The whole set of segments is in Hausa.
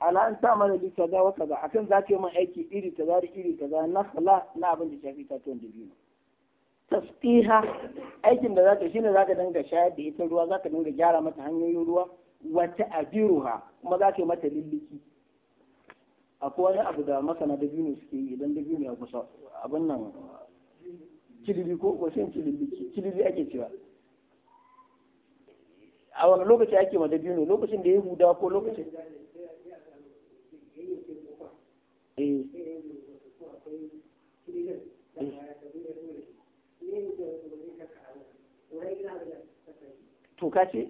ala an sa mana bi kaza wa kaza akan za ka yi min aiki iri kaza da iri kaza na sala na abin da shafi itatuwan dabino tasqiha aikin da zaka shine zaka dinga shayar da ita ruwa zaka dinga gyara mata hanyoyin ruwa wata abiruha kuma zaka yi mata lilliki akwai wani abu da masana dabino suke yi idan dabino ya kusa abin nan cilili ko wasu kilili cilili ake cewa a wani lokaci ake ma dabino lokacin da ya huda ko lokacin tuka ce?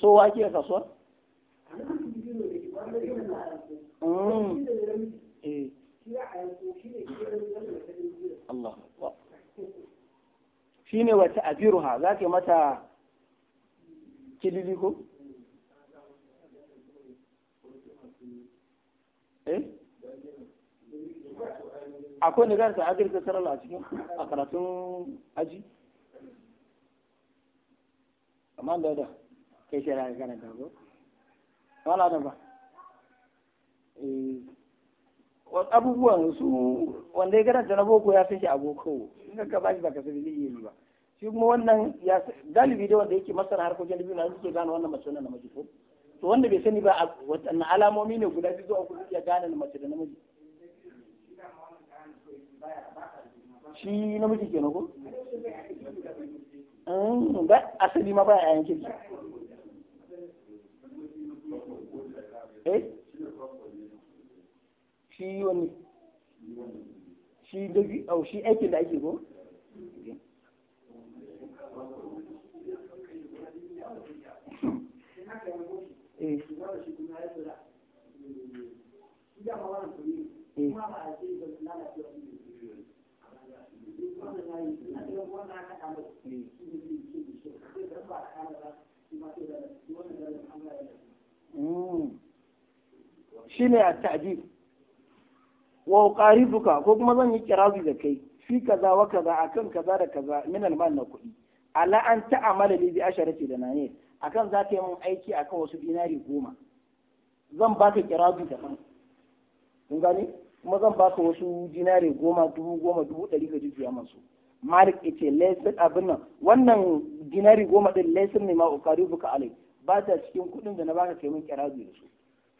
so wake a kasuwa? Mm. Eh. shi ne wata abiruha za ka mata kilili ko? Eh? akwai nigar da agriculture a cikin a karatun aji amma da da kai shi ya gana da go wala da ba eh, abubuwan su wanda ya garanta na boko ya san shi a boko in ka ba shi ba ka sani zai yi ba shi kuma wannan ya galibi da wanda yake masana harkokin da biyu na suke gane wannan mace wannan na mace ko to wanda bai sani ba waɗannan alamomi ne guda biyu ko ku iya gane na mace da namiji shi namiji kenan ko hmm, ba asali ma ba yayin kirki eh shi wani shi dabi au shi aikin da ake ko Thank you. Eh. Hmm. shi ne a ta'adib wa ƙarifuka ko kuma zan yi kirazi da kai fi kaza wa kaza akan kaza da kaza min alman na kuɗi ala an ta'amala li bi asharati da naniyat akan za ka yi mun aiki akan wasu dinari goma zan baka kirabi daban kun gani kuma zan baka wasu dinari goma dubu goma dubu ɗari ka jujjuya masu malik ce laisin abin nan wannan dinari goma ɗin laisin ne ma ukari buka alai ba ta cikin kuɗin da na baka kai mun kirabi da su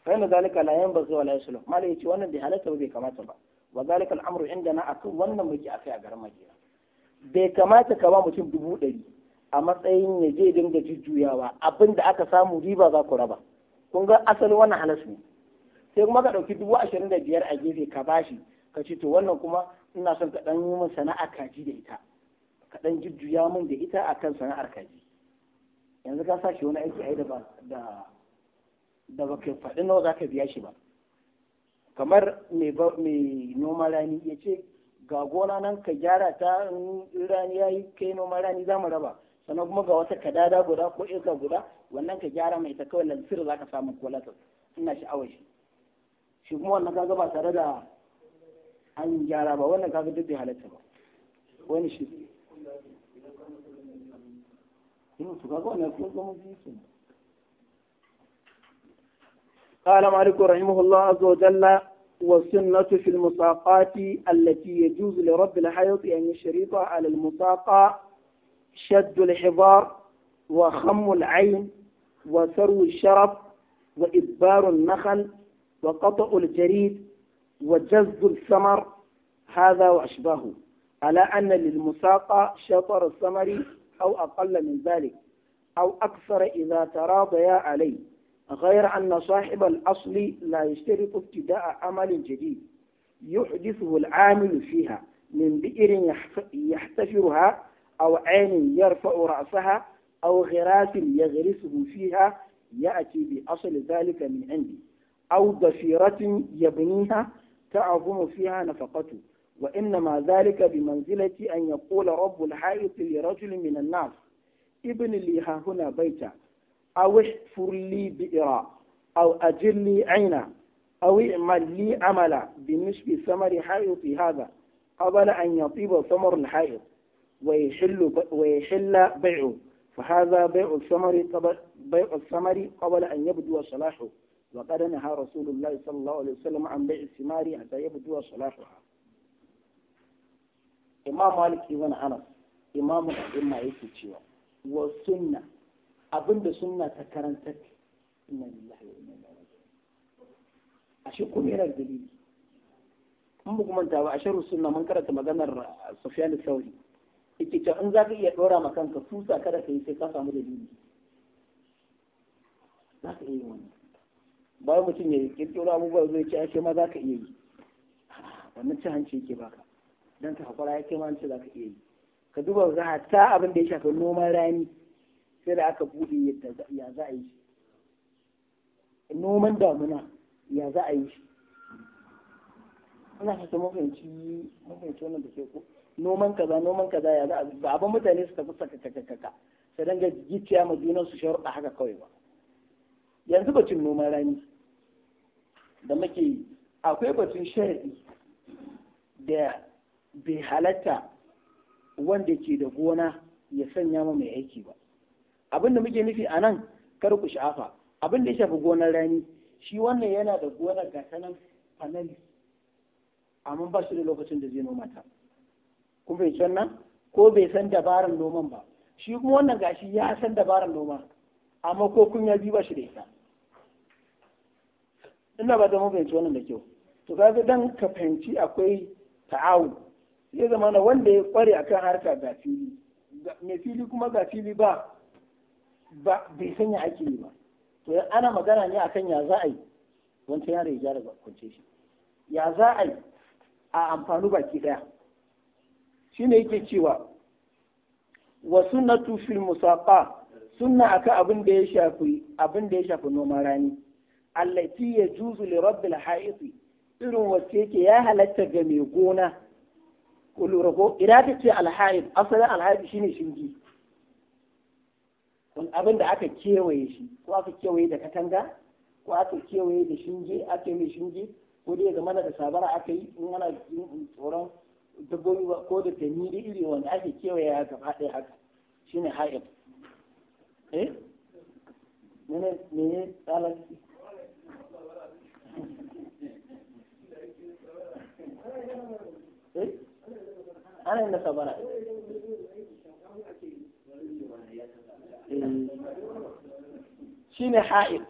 fa yana zalika la yan bazuwa la yasulu malik yace wannan bai halatta ba bai kamata ba wa zalika al'amru na akan wannan muke akai a garin madina bai kamata ka ba mutum dubu ɗari a matsayin ya je dinga jujjuyawa abinda aka samu riba za ku raba kun ga asalin wannan halas ne sai kuma ka ɗauki dubu ashirin da biyar a gefe ka bashi ka ce to wannan kuma ina son ka ɗan yi min sana'ar kaji da ita ka ɗan jujjuya min da ita akan sana'ar kaji yanzu ka sa shi wani aiki a yi da da ba ka faɗi nawa za ka biya shi ba kamar mai noma rani ya ce ga gona nan ka gyara ta rani ya yi kai noma rani za mu raba sana kuma ga wata kadada guda ko irka guda wannan ka gyara mai ta kawai lalfir za ka samu kwalata ina sha'awar shi shi kuma wannan kaga ba tare da an gyara ba wannan kaga duk bai halatta ba wani shi yin su kaga wannan ko zama jikin قال مالك رحمه الله عز وجل والسنة في المساقات التي يجوز لرب الحيض أن يشريطها على المساقات شد الحبار وخم العين وسرو الشرف وإبار النخل وقطع الجريد وجز الثمر هذا وأشباهه على أن للمساقى شطر الثمر أو أقل من ذلك أو أكثر إذا تراضيا عليه غير أن صاحب الأصل لا يشترط ابتداء عمل جديد يحدثه العامل فيها من بئر يحتفرها أو عين يرفع رأسها أو غراس يغرسه فيها يأتي بأصل ذلك من عندي أو ضفيرة يبنيها تعظم فيها نفقته وإنما ذلك بمنزلة أن يقول رب الحائط لرجل من الناس ابن لي ها هنا بيتا أو احفر لي بئرا أو أجل لي عينا أو اعمل لي عملا بنشب ثمر حائطي هذا قبل أن يطيب ثمر الحائط ويحل ويحل بيعه فهذا بيع الثمر بيع الثمر قبل ان يبدو صلاحه وقد نهى رسول الله صلى الله عليه وسلم عن بيع الثمار حتى يبدو صلاحها امام مالك بن انس امام الائمه يكفي شيوع والسنه أظن السنه تكرنتك ان لله وانا أشوف من الدليل ان بكم انت اشهر السنه من كرت مدن سفيان الثوري yake cewa in za ka iya ɗora ma kanka tusa kada ka yi sai ka samu dalili za ka iya yi wani bayan mutum ya kirkiro abubuwa zai ce ake ma za ka iya yi wannan cin hanci yake baka don ka haƙura ya ke ma hanci za ka iya yi ka duba a ta abin da ya shafi noman rani sai da aka buɗe yadda ya za a yi shi noman damuna ya za a yi shi ina ta mafanci mafanci wannan da ke ko noman kaza noman kaza ya za ba abin mutane su tafi kaka su dinga gicciya ma junan su sharuɗa haka kawai ba yanzu batun noman rani da muke yi akwai batun sharaɗi da bai halatta wanda ke da gona ya sanya ma mai aiki ba abin da muke nufi a nan kar ku sha'afa abin da ya shafi gonar rani shi wannan yana da gonar ga nan fanali amma ba shi da lokacin da zai noma ta kun bai san nan ko bai san dabarar noman ba shi kuma wannan gashi ya san dabarar noma amma ko kun ya bi ba shi da ita ina ba da mu fahimci wannan da kyau to kaga dan ka fahimci akwai ta'awu sai zama na wanda ya kware akan harka ga fili mai fili kuma ga fili ba ba bai ya ake yi ba to ana magana ne akan ya za a yi wancan yare ya gyara kwance shi ya za a yi a amfani baki daya shine yake cewa wa sunnatu fil musaqa sunna aka abin da ya shafi abin da ya shafi noman rani allati yajuzu li rabbil ha'iti irin wacce yake ya halatta ga mai gona ko lura idan ka ce alha'id asalin alha'id shine shingi abin da aka kewaye shi ko aka kewaye da katanga ko aka kewaye da shinge aka yi shinge ko dai ga mana da sabara aka yi in ana tsoron dabbobi ba ko da miri iri wanda ake kewaye ya gaba ɗaya haka ne ha'ib eh mene mene tsalaki eh ana yin nasa bara eh. shine ha'ib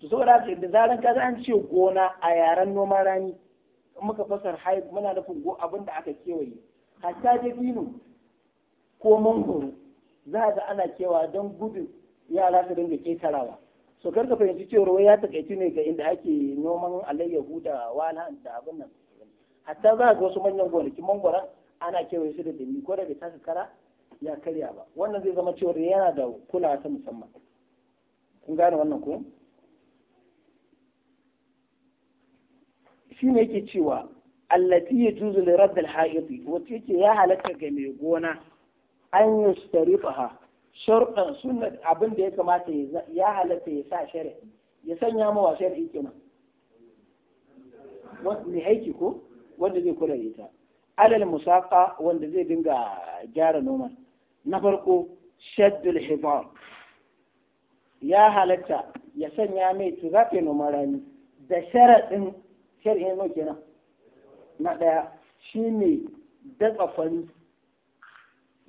to saboda haka da zaran ka an ce gona a yaren noman rani muka fasar haid muna nufin go abin da aka kewaye hatta da dino ko mangoro za ga ana cewa don gudun yara su dinga ketarawa so kar ka fahimci cewa ya takaici ne ga inda ake noman alayyahu da wala da abin nan hatta za ga wasu manyan gonaki mangoro? ana kewaye su da dami ko da bai taka kara ya karya ba wannan zai zama cewa yana da kulawa ta musamman kun gane wannan ko Shi ne yake cewa allati ya juzu da al haid wata yake ya halatta ga mai gona an yi yustarifaha sharɗan sunna abin da ya kamata ya halatta ya sa shari'a ya sanya mawa shari'i kenan mai haiki ko wanda zai kula da ita alal musaka wanda zai dinga gyara noma na farko shaddul hibar ya halatta ya sanya mai tuzafe noman rani da sharaɗin shari'a nau kenan na ɗaya shine ne datsa kwani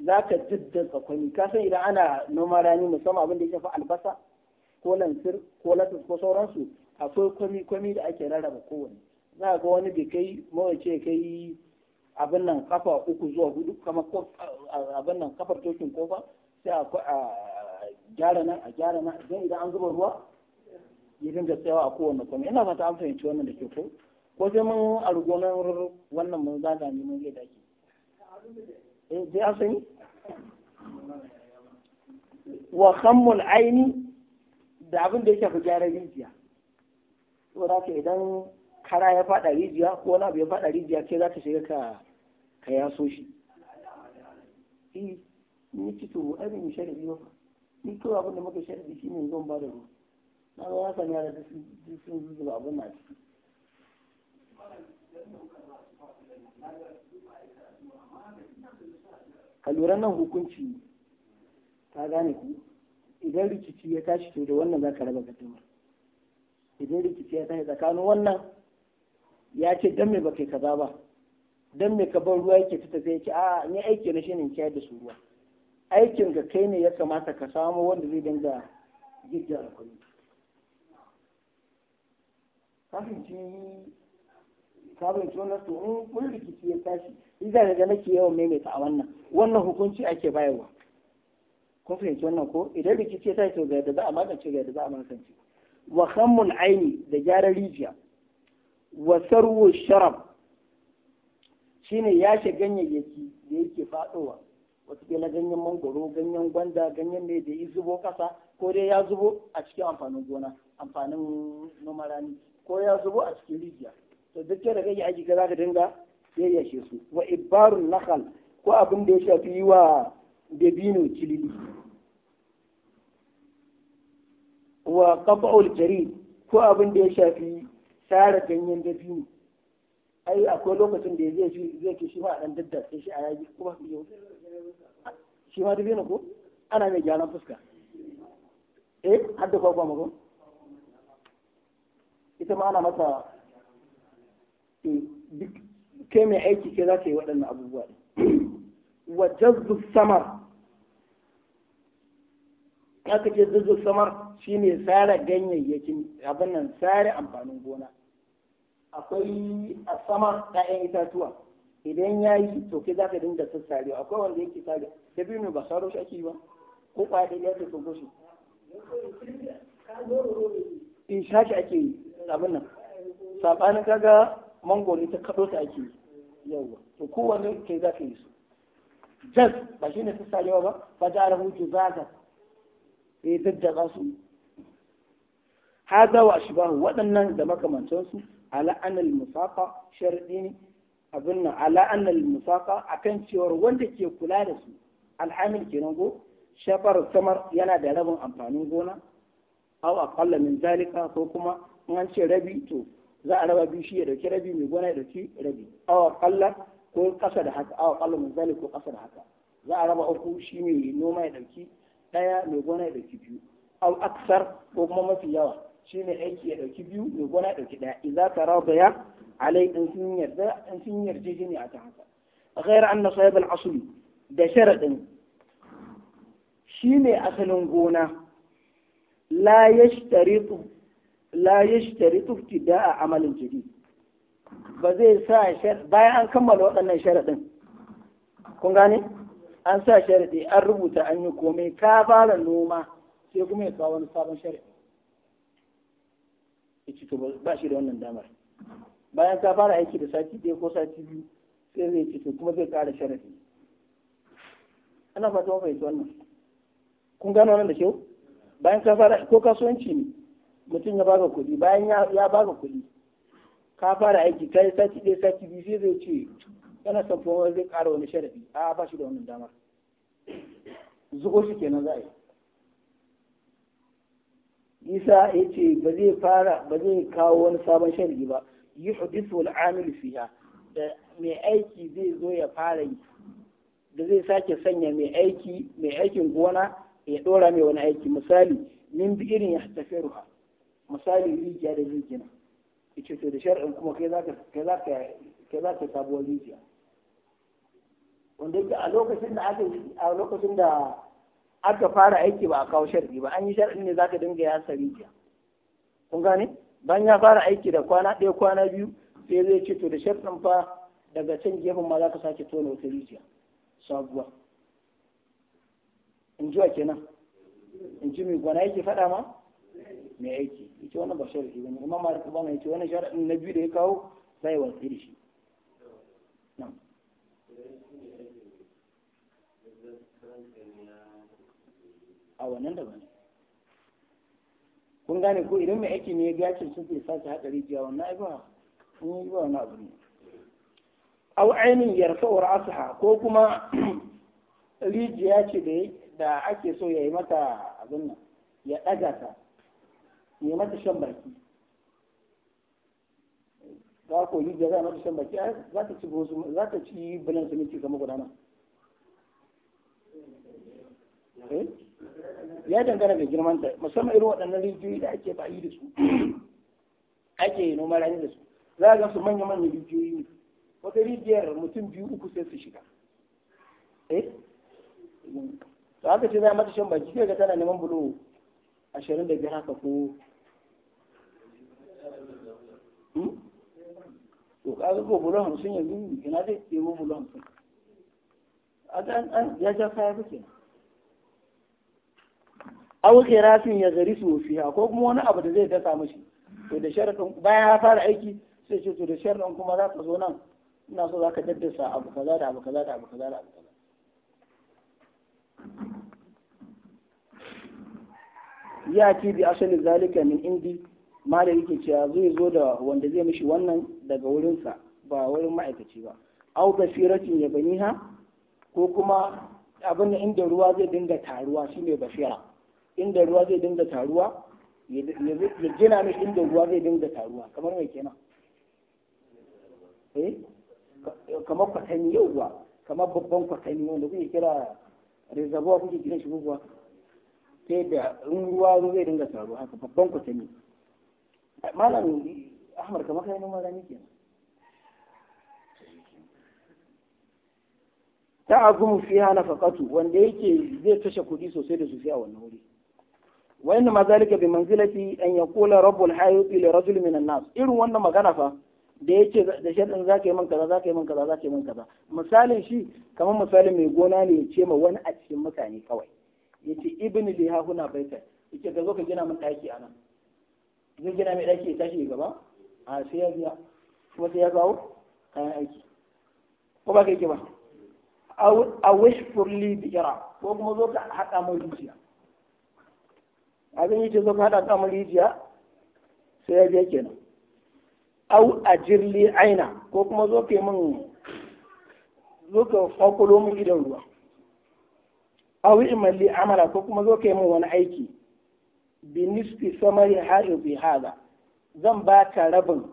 za ka jiddatsa kwani ka san idan ana noma rani musamman abin da ya shafi albasa ko lantir ko latas ko sauransu akwai kwami-kwami da ake rarraba kowane za ga wani bai kai mawace kai abin nan kafa uku zuwa hudu kama abin nan kafar tokin kofa sai a gyara nan a gyara nan don idan an zuba ruwa ya dinga tsayawa a kowane kwami ina fata an fahimci wannan da ke ko ko sai mun a rugonar wannan mun zaga ne mun zai daki zai eh, an sani wa khammul aini da abin da ya shafi gyaran rijiya saboda ka idan kara ya fada rijiya ko wani abu ya fada rijiya ce za ka shiga ka ka yaso shi eh, ni ci to abin sharadi ba ni kawai abin da muka sharadi ne zan ba da ruwa na ga haka yara da sun zuba abin na ciki ka lura nan hukunci ta gane ku idan rikici ya tashi to da wannan za ka raba gaddamar idan rikici ya tashi tsakanin wannan ya ce dan me baka kaza ba dan me ka bar ruwa yake ta tafiya ce a ni aiki na shine kiyar da su ruwa aikin ga kai ne ya kamata ka samu wanda zai dinga jijjara kwallo. kafinci kafinci wannan to in kun rikici ya tashi in za ga nake yawan maimaita a wannan wannan hukunci ake bayarwa kun fahimci wannan ko idan rikici ya tashi to ga yadda za a magance ga yadda za a magance wa khammul aini da gyara rijiya wa sarwo sharab shine yashe ganyayyaki da yake fadowa watakila ganyen mangoro ganyen gwanda ganyen mai da ya zubo kasa ko dai ya zubo a cikin amfanin gona amfanin noma rani ko ya zubo a cikin rijiya to duk da kai aiki ka zaka dinga yayyashe su wa ibarun nakhal ko abin da ya shafi yi wa dabino cilili wa qat'ul jarid ko abin da ya shafi sare ganyen dabino ai akwai lokacin da zai shi zai ke shi ma dan daddatsa shi a yaji kuma shi ma dabino ko ana mai gyaran fuska eh hadda kwakwa mako ita ma ana masa duk mai aiki ke za ka yi waɗannan abubuwa wa jazzu samar aka ce jazzu samar shine sare ganyayyakin abin nan sare amfanin gona akwai a sama ɗayan itatuwa idan ya yi to za ka dinga sassarewa akwai wanda yake sare da biyu ba saro shi ake yi ba ko kwaya ya ce ko shi in shashi ake yi abin nan kaga mango ta kaɗo ta ake yawa to kowane kai za ka yi su jaz ba shi ne ta sa yawa ba ba ta arahu ka ya daddaga su hada wa shibahu waɗannan da su ala anal musafa sharadi ne abin nan ala anal musafa akan cewar wanda ke kula da su alhamil kenan go shafar samar yana da rabin amfanin gona aw aqalla min zalika ko kuma in an ce rabi to za a raba biyu shi ya dauki rabi mai gona ya dauki rabi awa kalla ko kasa da haka awa kalla misali ko kasa da haka za a raba uku shi mai noma ya dauki daya mai gona ya dauki biyu au aksar ko kuma mafi yawa shi ne aiki ya dauki biyu mai gona ya dauki daya idan ta raba ya alai in sun yarda in sun yarjejeniya a ta haka غير أن al الأصل da sharaɗin shi ne asalin gona la ya la yashtaritu a amalin jadid ba zai sa bayan an kammala waɗannan sharaɗin kun gane an sa sharaɗi an rubuta an yi komai ka fara noma sai kuma ya kawo wani sabon sharaɗi ya to ba shi da wannan damar bayan ka fara aiki da sati ɗaya ko sati biyu sai zai ci to kuma zai ƙara sharaɗi ana fata mafaita wannan kun gano wannan da kyau bayan ka fara ko kasuwanci ne mutum ya baka kuɗi bayan ya baka kuɗi ka fara aiki kai sati ɗaya sati biyu sai zai ce yana son fomar zai ƙara wani sharaɗi a ba shi da wannan damar zuko shi kenan za a yi isa ya ce ba zai fara ba zai kawo wani sabon sharaɗi ba yi hudisu amil fiya da mai aiki zai zo ya fara yi da zai sake sanya mai aiki mai aikin gona ya ɗora mai wani aiki misali min bi irin ya tafi ruha misali rijiya da zai gina yace to da shar'in kuma kai za ka kai ka sabuwar rijiya wanda yake a lokacin da aka a lokacin da aka fara aiki ba a kawo shar'i ba an yi shar'in ne za ka dinga yasa rijiya kun gane bayan ya fara aiki da kwana ɗaya kwana biyu sai zai ce to da shar'in fa daga can gefen ma za ka sake tona wata rijiya sabuwa in ji wa kenan in ji mai gwana yake faɗa ma mai aiki ita wannan ba sharafi ne amma ma ba mai ce wannan sharadin na biyu da ya kawo sai watsi da shi a wannan da bane kun gane ko idan mai aiki ne ya gacin sun fi sace haɗa rijiya wannan ai ba sun yi ba wani abu ne aw ainin wa asha ko kuma rijiya ce da ake so ya yi mata abin nan ya ɗaga ta ya mata shan baki yi da eh? dangana da girman ta musamman irin waɗannan rijiyoyi da ake bayi da su ake noma rani da su za a gansu manya manyan rijiyoyi ne wata rijiyar mutum biyu uku sai su shiga eh? to haka ce za a mata baki ga tana neman bulo ashirin ko Hmm? to kaga ko bulo hamsin yanzu ina zai ɗebo bulo hamsin ya ja kaya fa kenan aw khirafin ya gari su fiha ko kuma wani abu da zai dasa mashi to da sharadin bayan ya fara aiki sai ce to da sharadin kuma za ka zo nan ina so za ka daddasa abu kaza da abu kaza da abu kaza da abu kaza ya ci bi asalin zalika min indi malam yake cewa zai zo da wanda zai mishi wannan daga wurinsa ba wurin ma'aikaci ba au basiratin ya baniha ko kuma abin da inda ruwa zai dinga taruwa shi ne basira inda ruwa zai dinga taruwa ya gina mishi inda ruwa zai dinga taruwa kamar mai kenan eh kamar kwatani yauwa kamar babban kwatani wanda kuke kira reservoir kuke gina shi guguwa ta in ruwa zai dinga taruwa haka babban kwatani malam ahmar kamar kai noman rani kenan ta azumu fiha nafaqatu wanda yake zai kashe kuɗi sosai da sosai a wannan wuri wa inna ma zalika bi manzilati an yaqula rabbul hayy li rajul min an-nas irin wannan magana fa da yake da shaɗin za yi min kaza za yi min kaza za yi min kaza misalin shi kamar misalin mai gona ne ya ce ma wani a cikin mutane kawai yace ibni ibn li hahuna baita yake ka zo ka gina min ɗaki a nan zai gina mai ɗaki ya tashi gaba a sai ya biya kuma sai ya kawo kayan aiki ko ba kai ke ba a wish for li bi'ira ko kuma zo ka haɗa mai rijiya abin yi ce zo ka haɗa ta mai rijiya sai ya biya kenan au a jirli aina ko kuma zo ka yi min zo ka fakulo min idan ruwa au imalli amala ko kuma zo ka yi min wani aiki bi nisfi samari ha'i bi hada zan ba ta rabin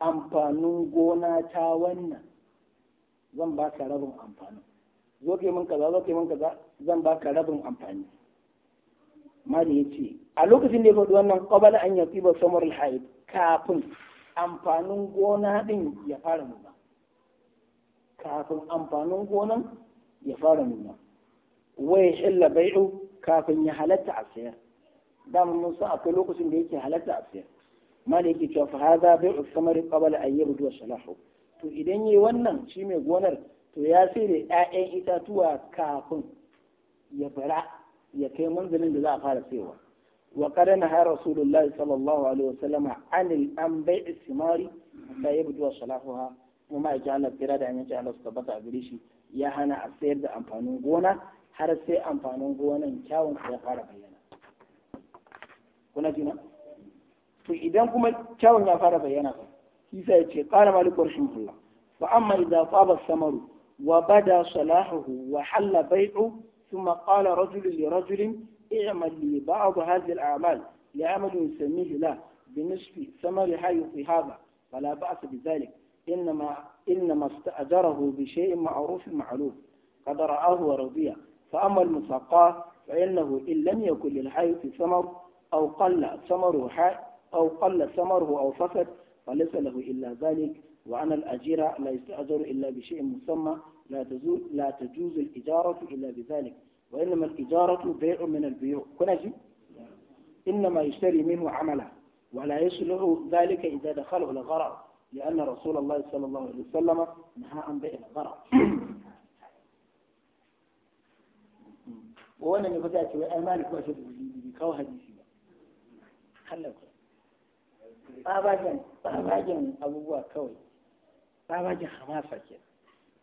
amfanin gona ta wannan zan ba ka rabin amfanin zo ke min kaza zo ke min kaza zan ba ka rabin amfani mali ya ce a lokacin da ya faɗi wannan ƙwabala an yi tsiba samar haid kafin amfanin gona ɗin ya fara nuna kafin amfanin gonan ya fara nuna wai hilla bai'u kafin ya halatta a sayar dama mun san akwai lokacin da yake halatta a sayar ma da yake cewa fa hadha bai'u samari qabla an yabdu salahu to idan yayi wannan shi mai gonar to ya sai da ƴaƴan itatuwa kafin ya bara ya kai manzalin da za a fara sayarwa wa qad naha rasulullahi sallallahu alaihi wasallam an an bai'i simari da yabdu ha kuma ma'aikin Allah kira da aminci Allah su tabbata a gare shi ya hana a sayar da amfanin gona har sai amfanin gonan kyawun ya fara bayyana kuna jina to idan kuma kyawun ya fara bayyana ba isa ya ce qala maliku rahimahullah wa amma idza taba samaru wa bada salahuhu wa halla bai'u thumma qala rajulun li rajulin i'mal li ba'd hadhihi al-a'mal لعمل يسميه له بنصف ثمرها يعطي هذا فلا بأس بذلك إنما إنما استأجره بشيء معروف معلوم قد رآه ورضي فأما المسقاة فإنه إن لم يكن للحيث ثمر أو قل ثمره أو قل ثمره أو فسد فليس له إلا ذلك وأن الأجير لا يستأجر إلا بشيء مسمى لا تزول لا تجوز الإجارة إلا بذلك وإنما الإجارة بيع من البيوع كنجي إنما يشتري منه عملا ولا يصلح ذلك إذا دخله الغرر لأن رسول الله صلى الله عليه وسلم نهى عن بيع الغرر وانا نفتاتي وأمالك واشد بكوهدي halaka babagen babagen abubuwa kawai babagen hamasa ke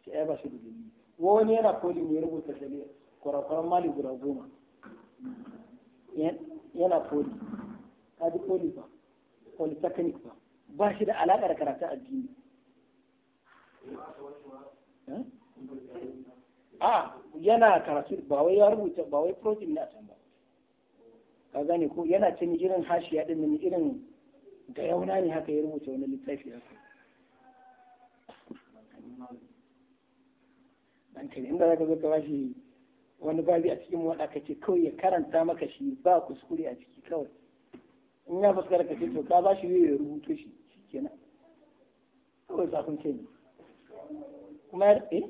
sai ai ba su da dalili wani yana koli ne rubuta dalil kwarakwaran mali guda goma yana koli kaji koli ba koli technique ba ba shi da alaƙar karatun addini a yana karatu ba wai ya rubuta ba wai project ne a can ba ka gane ko yana cin irin hashiya din nan irin da yauna ne haka ya rubuta wani littafi haka dan kai inda zaka zo ka bashi wani babi a cikin wanda ka ce kawai ya karanta maka shi ba kuskure a ciki kawai in ya fuskar ka ce to ka bashi ya rubuto shi shikenan kawai zafin ce ne kuma eh eh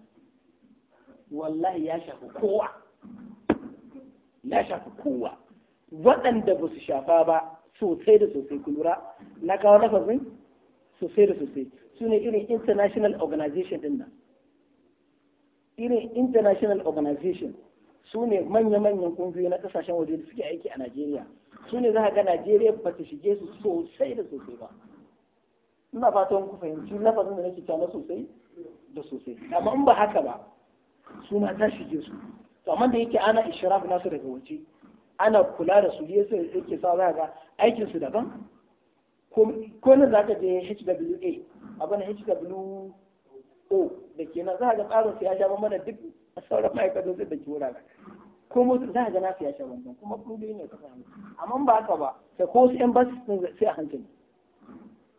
wallahi ya shafi kowa ya shafi kowa waɗanda ba su shafa ba sosai da sosai ku lura na kawo fasin sosai da sosai su ne irin international organization din nan irin international organization su ne manya-manyan kungiyoyi na ƙasashen waje da suke aiki a Najeriya su ne za ga Najeriya ba ta shige su sosai da sosai ba ina fatan ku fahimci lafazin da nake cewa sosai da sosai amma in ba haka ba su ma ta shige su to amma da yake ana ishraf nasu daga waje ana kula da su yasa yake sa za ga aikin su daban ko za zaka je HWA abana HWO da ke nan za ga tsarin su ya sha mana duk sauran ma'aikatan da ke wurare ko mutu za ga nasu ya sha bambana kuma kudu ne ka samu amma ba haka ba sai ko su yan basu sai a hankali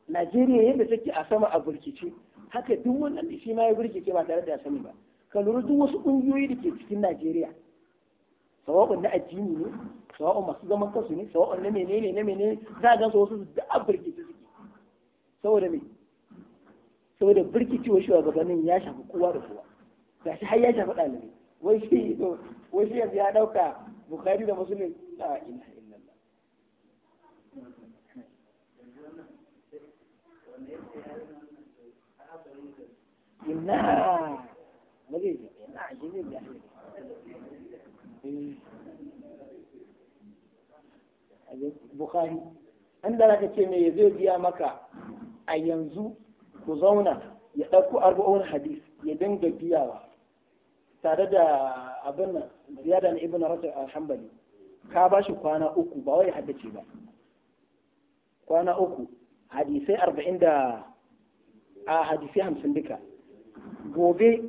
Najeriya yadda take a sama a burkice haka duk wannan shi ma ya burkice ba tare da ya sani ba ka lura duk wasu ƙungiyoyi da ke cikin Najeriya sawa'un na addini ne sawa'un masu zaman kansu ne sawa'un na menene na menene za ga su wasu da abirkici suke saboda me saboda birkicewa gabanin ya shafi kowa da kowa ga shi har ya shafi ɗalibai wai shi wai shi yanzu ya ɗauka bukari da musulun la Ina, illallah na eh, Bukhari an da zaka ce mai zai biya maka a yanzu ku zauna ya ɗauko arba'un hadis ya dinga biyawa tare da abin nan ziyada na ibn rajab al ka ba shi kwana uku ba wai haddace ba kwana uku hadisai arba'in da a hadisai hamsin duka gobe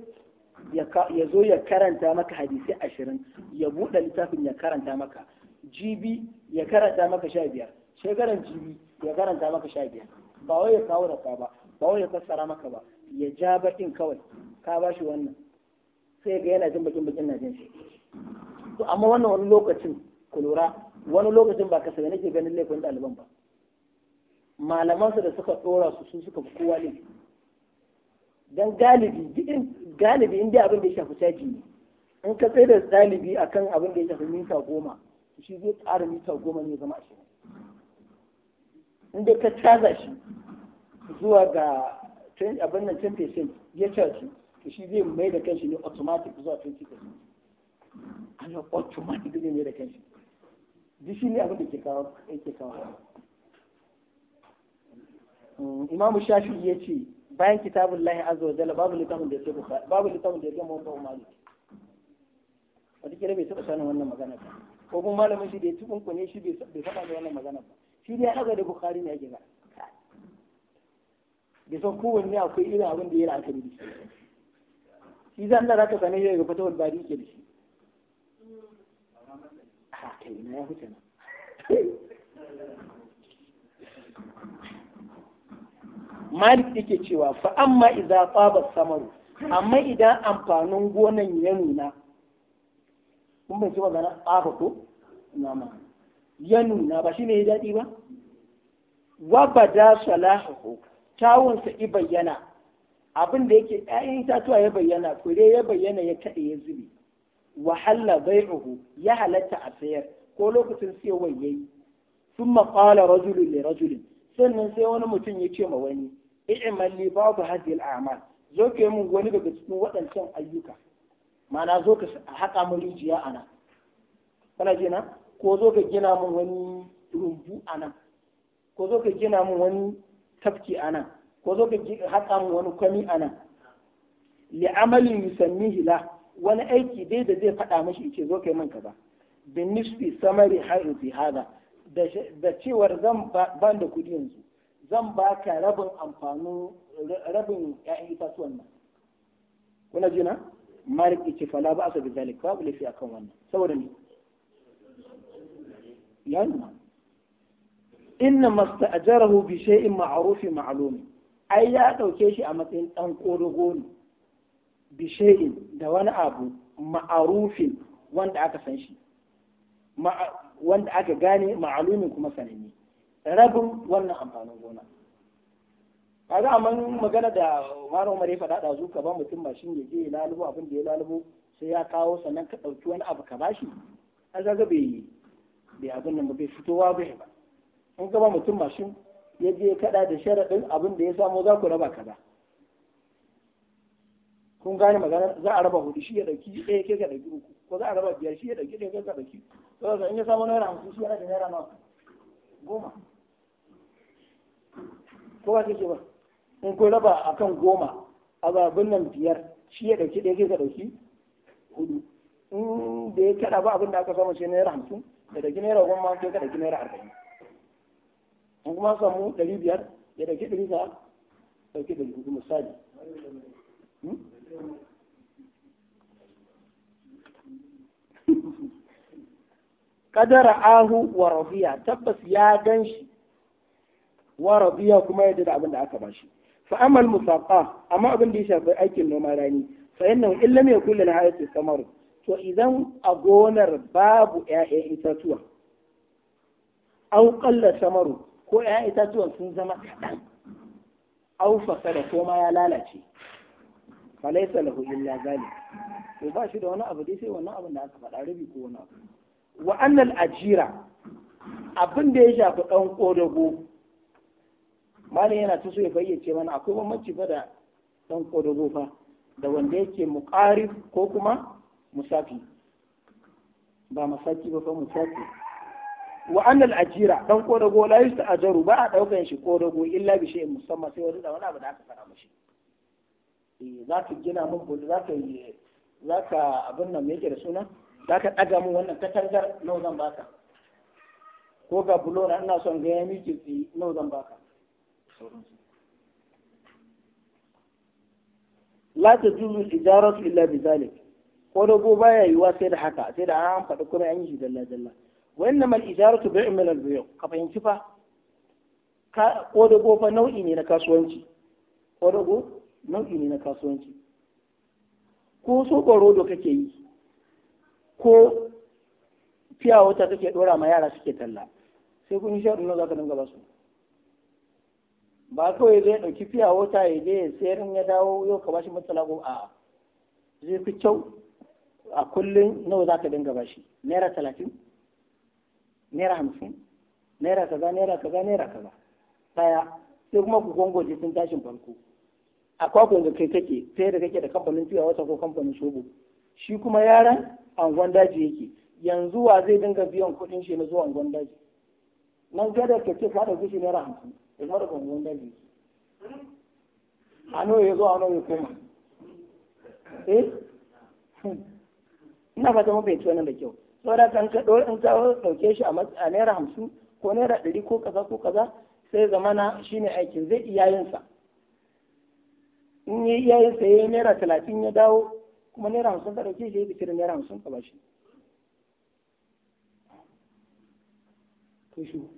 ya zo ya karanta maka hadisi ashirin ya buɗe littafin ya karanta maka jibi ya karanta maka sha biyar shekaran jibi ya karanta maka sha biyar ba wai ya kawo da ba ba wai ya fassara maka ba ya ja bakin kawai ka ba shi wannan sai ga yana jin bakin bakin na jin shi to amma wannan wani lokacin ku lura wani lokacin ba kasafai nake ganin laifin ɗaliban ba su da suka tsora su su suka fi kowa ne. don galibi galibi inda abin da ya shafi caji ne in ka tsaye da galibi akan abin da ya shafi mita goma shi zai ƙara mita goma ne zama shi inda ka caza shi zuwa ga abin nan 10% ya caji to shi zai mai da kanshi ne automatic zuwa 20% yi automatic zai mai da kanshi duk shi ne abin da ke kawo yake kawo mm, imamu shafi ya ce bayan kitabun lahi azza wa jalla babu littafin da ya ce bukhari babu littafin da ya ce mawdu malik wata kira bai taɓa sanin wannan magana ba ko kuma malamin shi da ya tukun kune shi bai faɗa da wannan magana ba shi dai haka da bukhari ne ake gara bai san kowanne akwai irin abin da ya yi da shi shi zan da zaka yau ga fata wani bari ke da shi a kai na ya huce na malik yake cewa fa amma idza taba samaru amma idan amfanin gonan ya nuna kun bai ci magana tsaba ko nama ya nuna ba shi ne ya daɗi ba wa bada salahu tawunsa i bayyana abin da yake ‘ya'yan itatuwa ya bayyana kure ya bayyana ya kaɗe ya zubi wahalla bai'uhu ya halatta a sayar ko lokacin siyarwar yayi sun maƙala rajulun da rajulun sannan sai wani mutum ya ce ma wani i'mal li ba'd hadhihi al-a'mal zo ka yi mun wani daga cikin waɗancan ayyuka ma'ana zo ka haƙa mun rijiya a nan kana gina ko zo ka gina mun wani rumbu a nan ko zo ka gina mun wani tafki a nan ko zo ka haƙa mun wani kwami a nan li amalin yusammihi la wani aiki dai da zai faɗa mashi ce zo ka yi mun kaza bin nisbi samari ha'izi hada da cewar zan ban da kuɗi yanzu zan baka rabin amfanin rabin ƴaƴan itatuwan nan kuna jina malik ce fala ba su bizalik babu lafi akan wannan saboda ne yamma inna masta'jarahu bi shay'in ma'ruf ma'lum ai ya dauke shi a matsayin dan kodogo ne bi shay'in da wani abu ma'rufin wanda aka san shi wanda aka gane ma'alumin kuma sananne rabin wannan amfanin gona kaga amma magana da Umar Umar ya faɗa zu ka ba mutum mashin ya je ya lalubo abin da ya lalubo sai ya kawo sannan ka ɗauki wani abu ka bashi an zaga bai yi. bai abin nan bai fitowa bai ba in ka ba mutum mashin ya je ya kaɗa da sharaɗin abin da ya samu za ku raba kaza kun gane magana za a raba hudu shi ya ɗauki ɗaya ke ka ɗauki uku ko za a raba biyar shi ya ɗauki ɗaya ke ka ɗauki saboda in ya samu naira hamsin shi yana da naira nawa goma ko ba kake ba in ko raba akan goma ababin nan biyar shi ya dauki ɗaya ka dauki hudu in da ya kada ba abin da aka samu shi naira hamsin da dauki naira goma sai ka dauki naira arba'in in kuma samu ɗari biyar ya dauki ɗari ka dauki ɗari hudu misali kadara hmm? ahu wa rabiya tabbas ya gan shi wa radiya kuma yadda da abin da aka bashi fa amal musaqa amma abin da ya shafi aikin noma rani fa inna illa ma yakul lana hayatu samar to idan a gonar babu ƴaƴan itatuwa aw qalla samaru ko ƴaƴan itatuwa sun zama kaɗan au fasada ko ma ya lalace laysa lahu illa zalik to ba shi da wani abu dai sai wannan abin da aka faɗa rubi ko wani abu wa annal ajira abin da ya shafi ɗan ƙodago malam yana ta so ya bayyace mana akwai mamaci fa da dan kodogo fa da wanda yake muqarib ko kuma musafi ba masaki ba fa musafi wa annal ajira dan kodogo la yusta'jaru ba a daukan shi kodogo illa bi shay'in musamman sai wani da wani abu da aka fara mashi eh za ka gina mun bulu za ka yi za ka abin nan yake da suna za ka ɗaga mun wannan katangar nawa zan baka ko ga bulo na ina son ga ya miki tsi eh, nawa zan baka la ta juzu ijaratu illa bi zalik ko rago baya yiwa sai da haka sai da an faɗi kuma an yi shi dalla dalla wannan inna mal ijaratu bai'u min al biyu ka fahimci fa ka ko rago fa nau'i ne na kasuwanci ko rago nau'i ne na kasuwanci ko so rodo kake yi ko fiya wata kake dora ma yara suke talla sai kun yi shaɗin nan za ka dinga ba su ba kawai zai ɗauki fiya wata ya je ya sayar ya dawo yau ka bashi matsala ko a zai fi kyau a kullum nawa za ka dinga bashi naira talatin naira hamsin naira kaza naira kaza naira kaza daya sai kuma ku gongoje sun tashin farko a kwakwai da kai kake sai da kake da kamfanin fiya wata ko kamfanin shobo shi kuma yaran angon daji yake yanzu wa zai dinga biyan kuɗin shi na zuwa angon daji nan gada ka ce fada gushi naira hamsin ìgbọ́dọ̀ kò mú lẹ́bi àánú na zuwa wani eh ina fata mun fahimci da kyau saboda kan ka in ta ɗauke shi a naira hamsin ko naira ɗari ko kaza ko kaza sai zama na shi ne aikin zai iya yinsa in yi iya ya yi naira talatin ya dawo kuma naira hamsin ta ɗauke shi ya fitar naira hamsin ka bashi. shi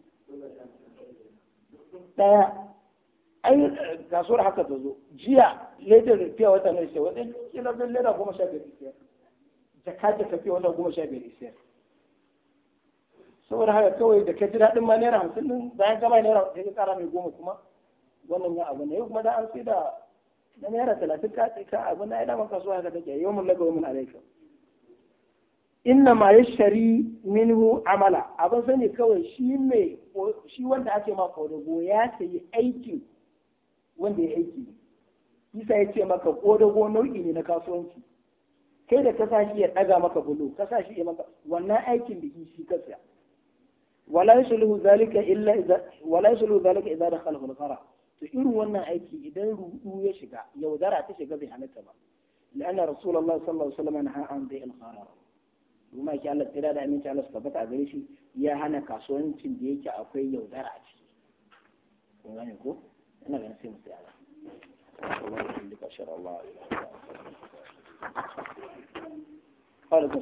daya ai kasuwar haka ta zo jiya ledar rufiya wata mai sai wata kila bin leda goma sha biyar isiyar jaka ta tafiya wata goma sha biyar isiyar saboda haka kawai da ka ji daɗin ma naira hamsin ɗin bayan gaba naira sai ka kara mai goma kuma wannan ya abu ne kuma da an sai da naira talatin ka ka abu na ya dama kasuwa haka take yau mun laga wa mun alaikam inna ma ya shari minhu amala abin sani kawai shi mai shi wanda ake ma kodago ya sayi aiki wanda ya aiki isa ya ce maka kodago nau'i ne na kasuwanci kai da ka shi ya daga maka bulu ka shi ya maka wannan aikin da shi ka saya wala ya yashluhu zalika illa idza wala yashluhu zalika idza dakhala al-qara to irin wannan aiki idan rudu ya shiga yaudara ta shiga bai halatta ba la'anna rasulullahi sallallahu alaihi wasallam nahaa an bai'il qara kuma yake Allah tsira da aminci Allah su tabbata a gare shi ya hana kasuwancin da yake akwai yaudara a ciki kun gane ko ina ganin sai mu tsaya ba Allah ya duka Allah ya